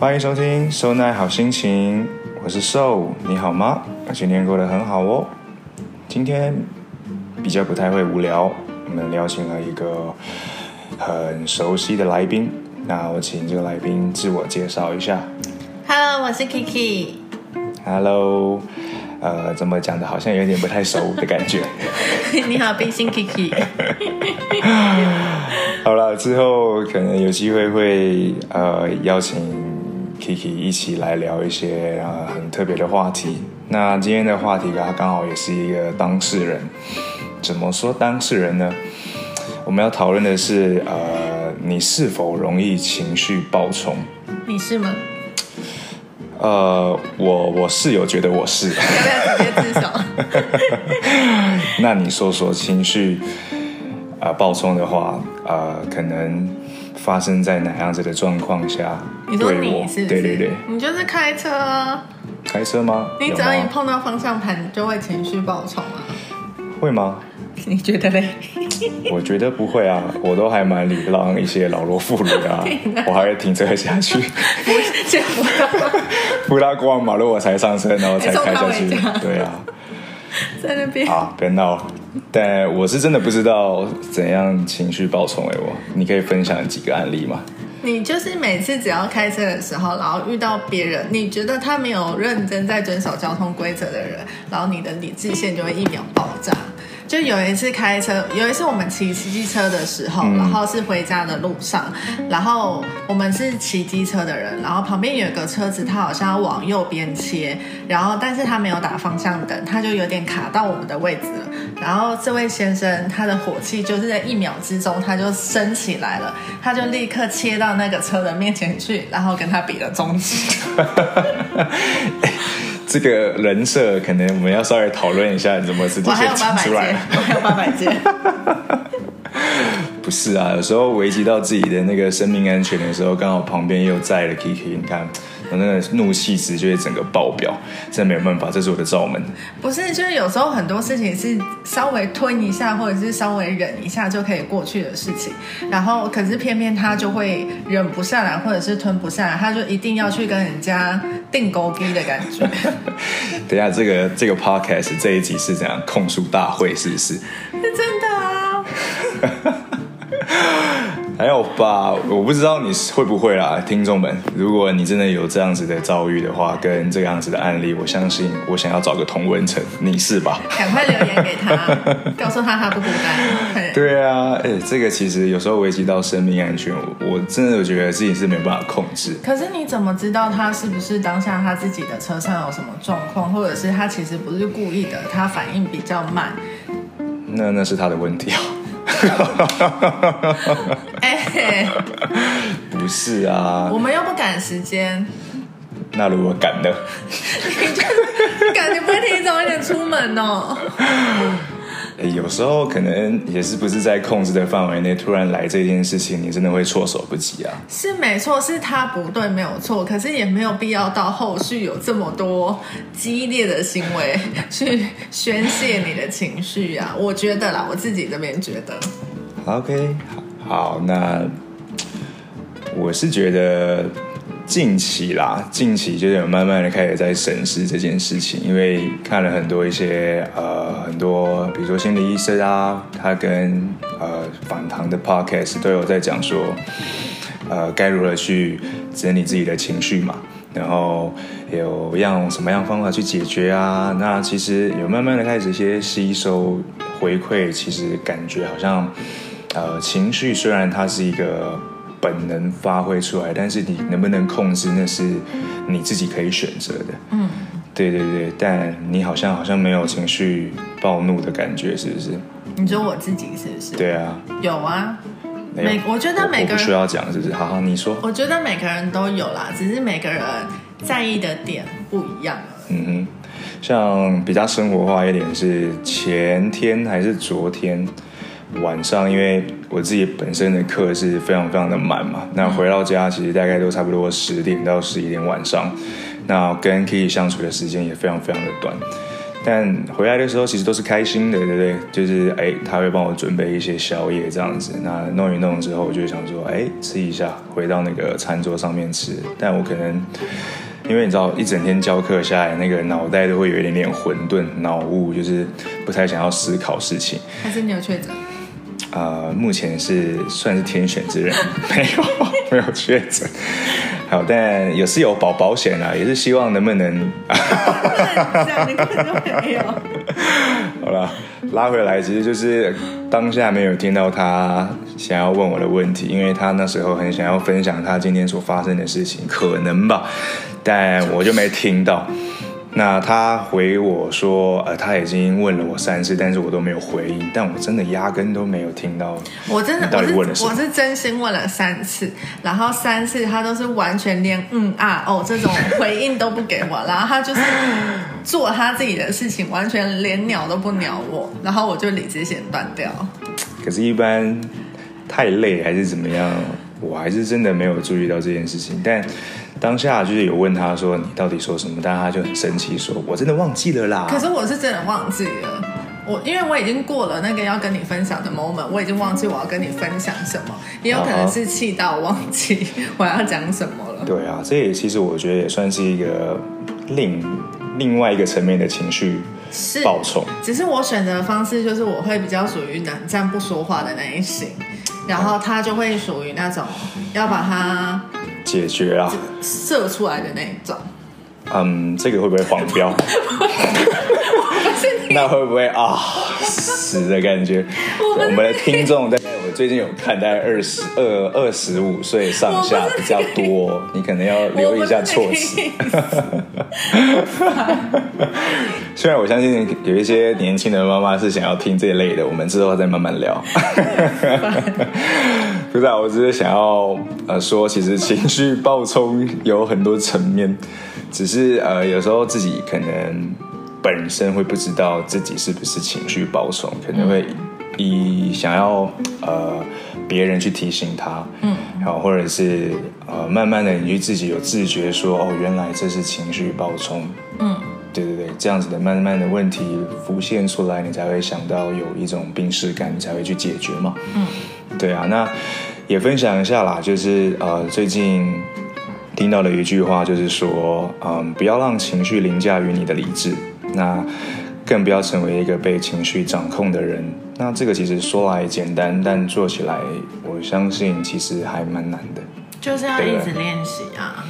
歡迎收聽《受 h 好心情》，我是 s oul, 你好嗎？今天過得很好哦。今天比較不太會無聊，我們邀請了一個很熟悉的來賓。那我請這個來賓自我介紹一下。Hello，我是 Kiki。Hello，呃，怎麼講的，好像有點不太熟的感覺。 你好，冰心 Kiki。 好了，之後可能有機會會呃邀請。一起來聊一些，呃，很特別的話題。那今天的話題剛好也是一個當事人。怎麼說當事人呢？我們要討論的是呃，你是否容易情緒暴衝？你是嗎？呃，我我室友覺得我是。你要不要直接揭曉？ 那你說說情緒呃暴衝的話，呃，可能發生在哪樣子的狀況下？你說你是，是對，對對對，你就是開車，啊，開車嗎？你只要一碰到方向盤，你嗎就會情緒爆衝啊？會嗎？你覺得嘞？我覺得不會啊，我都還蠻禮讓一些老弱婦孺，啊。我，我還會停車下去。 不，這不，不拉過馬路我才上車，然後才開下去。哎、對啊，在那邊啊，別鬧！但我是真的不知道怎樣情緒爆衝哎，我，你可以分享幾個案例嗎？你就是每次只要開車的時候，然後遇到別人，你覺得他沒有認真在遵守交通規則的人，然後你的理智線就會一秒爆炸。就有一次開車，有一次我們騎機車的時候，然後是回家的路上，嗯、然後我們是騎機車的人，然後旁邊有一個車子，他好像要往右邊切，然後但是他沒有打方向燈，他就有點卡到我們的位置了。然後這位先生，他的火氣就是在一秒之中，他就升起來了，他就立刻切到那個車的面前去，然後跟他比了中指、 欸。這個人設，可能我們要稍微討論一下，怎麼是切出來我件？我還有八百件， 不是啊，有時候危及到自己的那個生命安全的時候，剛好旁邊又在了 Kiki，你看。我那個怒氣值就會整個爆表，真的沒有辦法。這是我的罩門。不是，就是有時候很多事情是稍微吞一下，或者是稍微忍一下就可以過去的事情。然後，可是偏偏他就會忍不下來，或者是吞不下來，他就一定要去跟人家定高低的感覺。 等一下，這個這個 podcast 這一集是怎樣控訴大會？是不是？是真的啊。 還有吧，我不知道你會不會啦，聽眾們。如果你真的有這樣子的遭遇的話，跟這樣子的案例，我相信我想要找個同溫層，你是吧？趕快留言給他， 告訴他他不孤單。 對，對啊，哎、欸，這個其實有時候危及到生命安全，我，我真的覺得自己是沒辦法控制。可是你怎麼知道他是不是當下他自己的車上有什麼狀況，或者是他其實不是故意的，他反應比較慢？那那是他的問題啊。哈哈哈哈哈！ 哎不是啊，我們又不趕時間。那如果趕呢？ 你趕、就是，你感覺不會提早一點出門哦。 有時候可能也是不是在控制的範圍內，突然來這件事情，你真的會措手不及啊！是沒錯，是他不對沒有錯，可是也沒有必要到後續有這麼多激烈的行為去宣泄你的情緒啊！ 我覺得啦，我自己這邊覺得。OK，好，好，那我是覺得。近期啦，近期就是有慢慢的開始在審視這件事情，因為看了很多一些呃很多，比如說心理醫生啊，他跟呃訪談的 podcast 都有在講說，呃該如何去整理自己的情緒嘛，然後有用什麼樣的方法去解決啊？那其實有慢慢的開始一些吸收回饋，其實感覺好像呃情緒雖然它是一個。本能發揮出來，但是你能不能控制，那是你自己可以選擇的。嗯，對對對，但你好像好像沒有情緒暴怒的感覺，是不是？你說我自己是不是？對啊，有啊。有每我覺得每個人不需要講，是不是？好好，你說你。我覺得每個人都有啦，只是每個人在意的點不一樣啊。嗯哼，像比較生活化一點是前天還是昨天？晚上，因為我自己本身的課是非常非常的滿嘛，嗯、那回到家其實大概都差不多十點到十一點晚上，那跟 Kiki 相處的時間也非常非常的短，但回來的時候其實都是開心的，對不對？就是哎、欸，他會幫我準備一些宵夜這樣子，那弄一弄之後我就想說，哎、欸，吃一下，回到那個餐桌上面吃。但我可能因為你知道一整天教課下來，那個腦袋都會有一點點混沌、腦霧，就是不太想要思考事情。還是你有確診？呃，目前是算是天選之人，沒有，沒有確診。好，但也是有保保險啦、啊，也是希望能不能。這樣你根本就沒有。好了，拉回來其實就是當下沒有聽到他想要問我的問題，因為他那時候很想要分享他今天所發生的事情，可能吧，但我就沒聽到。那他回我說，呃，他已經問了我三次，但是我都沒有回應。但我真的壓根都沒有聽到、到。我真的我是，我是真心問了三次，然後三次他都是完全連嗯啊哦這種回應都不給我， 然後他就是、嗯、做他自己的事情，完全連鳥都不鳥我，然後我就理直氣斷掉。可是，一般太累還是怎麼樣，我還是真的沒有注意到這件事情，但。當下就是有問他說，你到底說什麼？但他就很生氣，說我真的忘記了啦。可是我是真的忘記了，我因為我已經過了那個要跟你分享的 moment，我已經忘記我要跟你分享什麼，也有可能是氣到忘記我要講什麼了、啊。對啊，這也其實我覺得也算是一個另另外一個層面的情緒爆衝。只是我選擇的方式就是我會比較屬於冷戰不說話的那一型，然後他就會屬於那種要把他……解決啊！射出來的那種，嗯，um，這個會不會黃標？ 那會不會啊、哦、死的感覺？我，我們的聽眾大概我最近有看，大概二十二、二十五歲上下比較多，你，你可能要留意一下措辭。 雖然我相信有一些年輕的媽媽是想要聽這一類的，我們之後再慢慢聊。 不是，我只是想要呃說，其實情緒爆衝有很多層面，只是呃有時候自己可能本身會不知道自己是不是情緒爆衝，可能會以、嗯、想要呃別人去提醒他，嗯，然後或者是呃慢慢的你就自己有自覺說哦原來這是情緒爆衝，嗯、對對對，這樣子的慢慢的問題浮現出來，你才會想到有一種病識感，你才會去解決嘛，嗯。對啊，那也分享一下啦，就是呃，最近聽到了一句話，就是說，嗯、呃，不要讓情緒凌駕於你的理智，那更不要成為一個被情緒掌控的人。那這個其實說來簡單，但做起來，我相信其實還蠻難的，就是要一直練習啊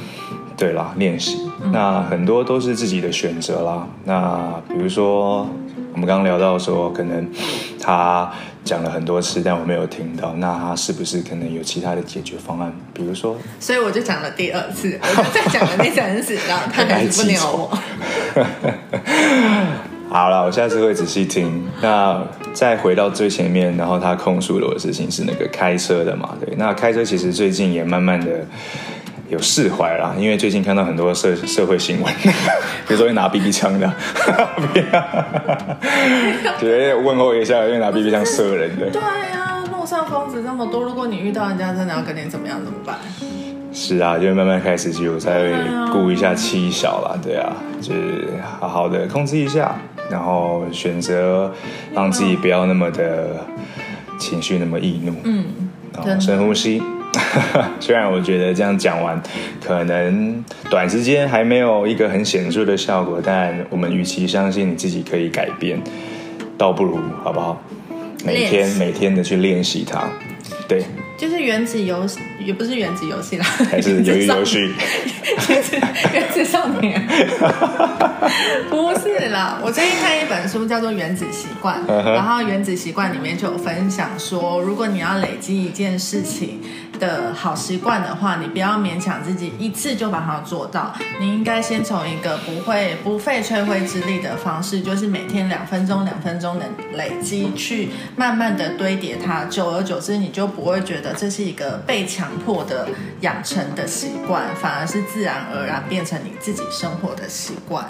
對。對啦，練習。那很多都是自己的選擇啦。那比如說。我們剛剛聊到說，可能他講了很多次，但我沒有聽到。那他是不是可能有其他的解決方案？比如說，所以我就講了第二次， 我就再講了第三次，然後他還是不鳥我。 好了，我下次會仔細聽。 那再回到最前面，然後他控訴了我的事情是那個開車的嘛？對，那開車其實最近也慢慢的。有釋懷啦，因為最近看到很多社社會新聞，比如說會拿 BB 槍的，哈哈哈哈哈，是 問候一下，因為拿 BB 槍射人的。對呀、啊，路上瘋子這麼多，如果你遇到人家真的要跟你怎麼樣，怎麼辦？是啊，就慢慢開始，就再顧一下妻小啦。對啊，對啊，就是好好的控制一下，然後選擇讓自己不要那麼的情緒那麼易怒，嗯，然後深呼吸。 雖然我覺得這樣講完，可能短時間還沒有一個很顯著的效果，但我們與其相信你自己可以改變，倒不如好不好？每天練習每天的去練習它，對，就是原子遊戲，也不是原子遊戲啦，還是遊戲遊戲。 原子原子少年， 不是啦！我最近看一本書叫做《原子習慣》，呵呵，然後《原子習慣》裡面就有分享說，如果你要累積一件事情的好習慣的話，你不要勉強自己一次就把它做到，你應該先從一個不會，不費吹灰之力的方式，就是每天兩分鐘、兩分鐘的累積，去慢慢的堆疊它，久而久之，你就不會覺得這是一個被強迫的養成的習慣，反而是自然。自然而然變成你自己生活的習慣，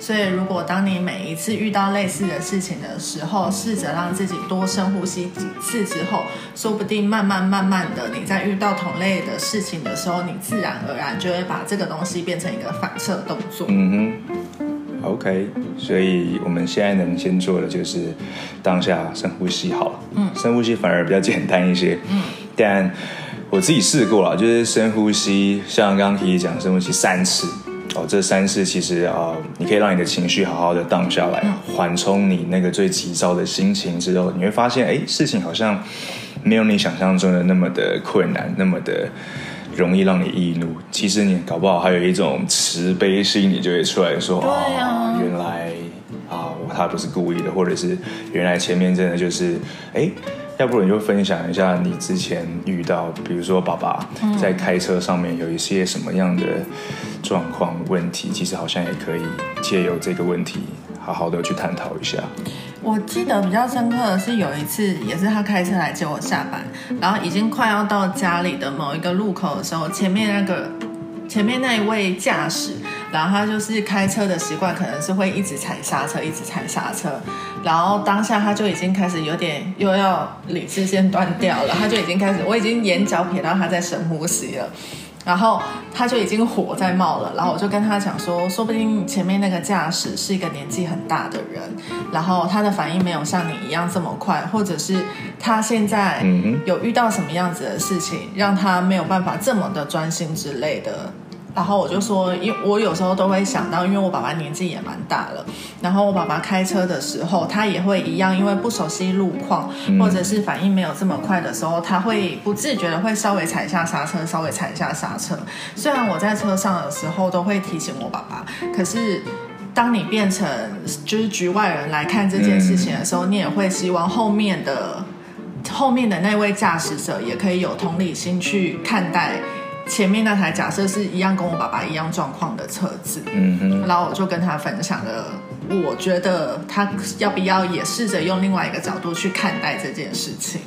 所以如果當你每一次遇到類似的事情的時候，試着讓自己多深呼吸幾次之後，說不定慢慢慢慢的，你在遇到同類的事情的時候，你自然而然就會把這個東西變成一個反射動作。嗯哼，OK，所以我們現在能先做的就是當下深呼吸好了。嗯，深呼吸反而比較簡單一些。嗯，但。我自己試過了，就是深呼吸，像剛剛 Kiki 講，深呼吸三次。哦，這三次其實啊、呃，你可以讓你的情緒好好的盪下來，嗯、緩衝你那個最急躁的心情之後，你會發現，哎，事情好像沒有你想象中的那麼的困難，那麼的容易讓你易怒。其實你搞不好還有一種慈悲心，你就會出來說，啊、哦，原來啊，我、哦、他不是故意的，或者是原來前面真的就是，哎。要不然你就分享一下你之前遇到，比如說爸爸在開車上面有一些什麼樣的狀況問題，其實好像也可以借由這個問題好好的去探討一下。我記得比較深刻的是有一次，也是他開車來接我下班，然後已經快要到家裡的某一個路口的時候，前面那個前面那一位駕駛。然後他就是開車的習慣，可能是會一直踩剎車，一直踩剎車。然後當下他就已經開始有點又要理智先斷掉了，他就已經開始，我已經眼角瞥到他在深呼吸了。然後他就已經火在冒了。然後我就跟他講說，說不定前面那個駕駛是一個年紀很大的人，然後他的反應沒有像你一樣這麼快，或者是他現在有遇到什麼樣子的事情，讓他沒有辦法這麼的專心之類的。然後我就說，因為我有時候都會想到，因為我爸爸年紀也蠻大了。然後我爸爸開車的時候，他也會一樣，因為不熟悉路況，或者是反應沒有這麼快的時候，他會不自覺的會稍微踩一下剎車，稍微踩一下剎車。雖然我在車上的時候都會提醒我爸爸，可是當你變成就是局外人來看這件事情的時候，嗯、你也會希望後面的後面的那位駕駛者也可以有同理心去看待。前面那台假設是一樣跟我爸爸一樣狀況的車子，嗯哼，然後我就跟他分享了，我覺得他要不要也試着用另外一個角度去看待這件事情？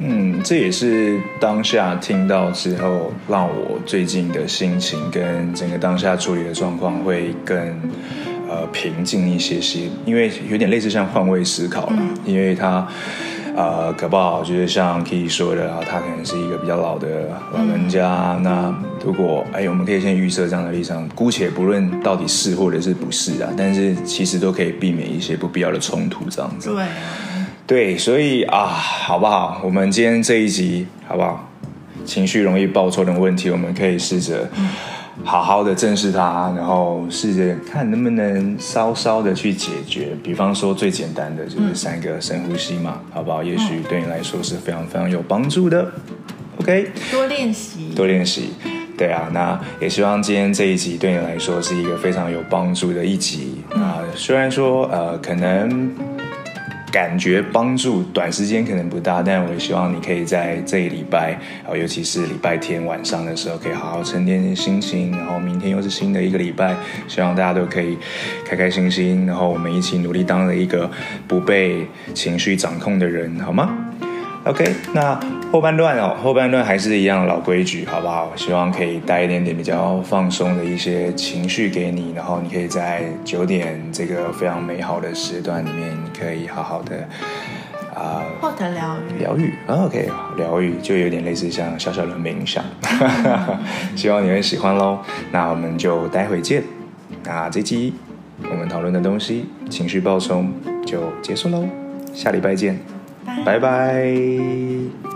嗯，這也是當下聽到之後，讓我最近的心情跟整個當下處理的狀況會更，呃，平靜一些些，因為有點類似像換位思考，嗯，因為他。啊，可不好，就是像 Kiki 說的啊，他可能是一個比較老的老人家。嗯、那如果哎，我們可以先預設這樣的立場，姑且不論到底是或者是不是啊，但是其實都可以避免一些不必要的衝突這樣子。對，對，所以啊，好不好？我們今天這一集好不好？情緒容易爆衝的問題，我們可以試着。嗯好好的正視它，然後試着看能不能稍稍的去解決。比方說最簡單的就是三個深呼吸嘛，嗯、好不好？也許對你來說是非常非常有幫助的。OK，多練習，多練習。對啊，那也希望今天這一集對你來說是一個非常有幫助的一集啊。嗯、雖然說呃，可能。感覺幫助短時間可能不大，但我也希望你可以在這一禮拜，尤其是禮拜天晚上的時候，可以好好沉澱心情。然後明天又是新的一個禮拜，希望大家都可以開開心心。然後我們一起努力，當了一個不被情緒掌控的人，好嗎？OK，那。後半段哦，後半段還是一樣老規矩，好不好？希望可以帶一點點比較放鬆的一些情緒給你，然後你可以在九點這個非常美好的時段裡面，可以好好的啊，後、呃、獲得療癒。療癒，OK，療癒就有點類似像小小的冥想， 希望你會喜歡嘍。那我們就待會見，那這期我們討論的東西，情緒爆衝就結束嘍，下禮拜見，拜拜 Bye.。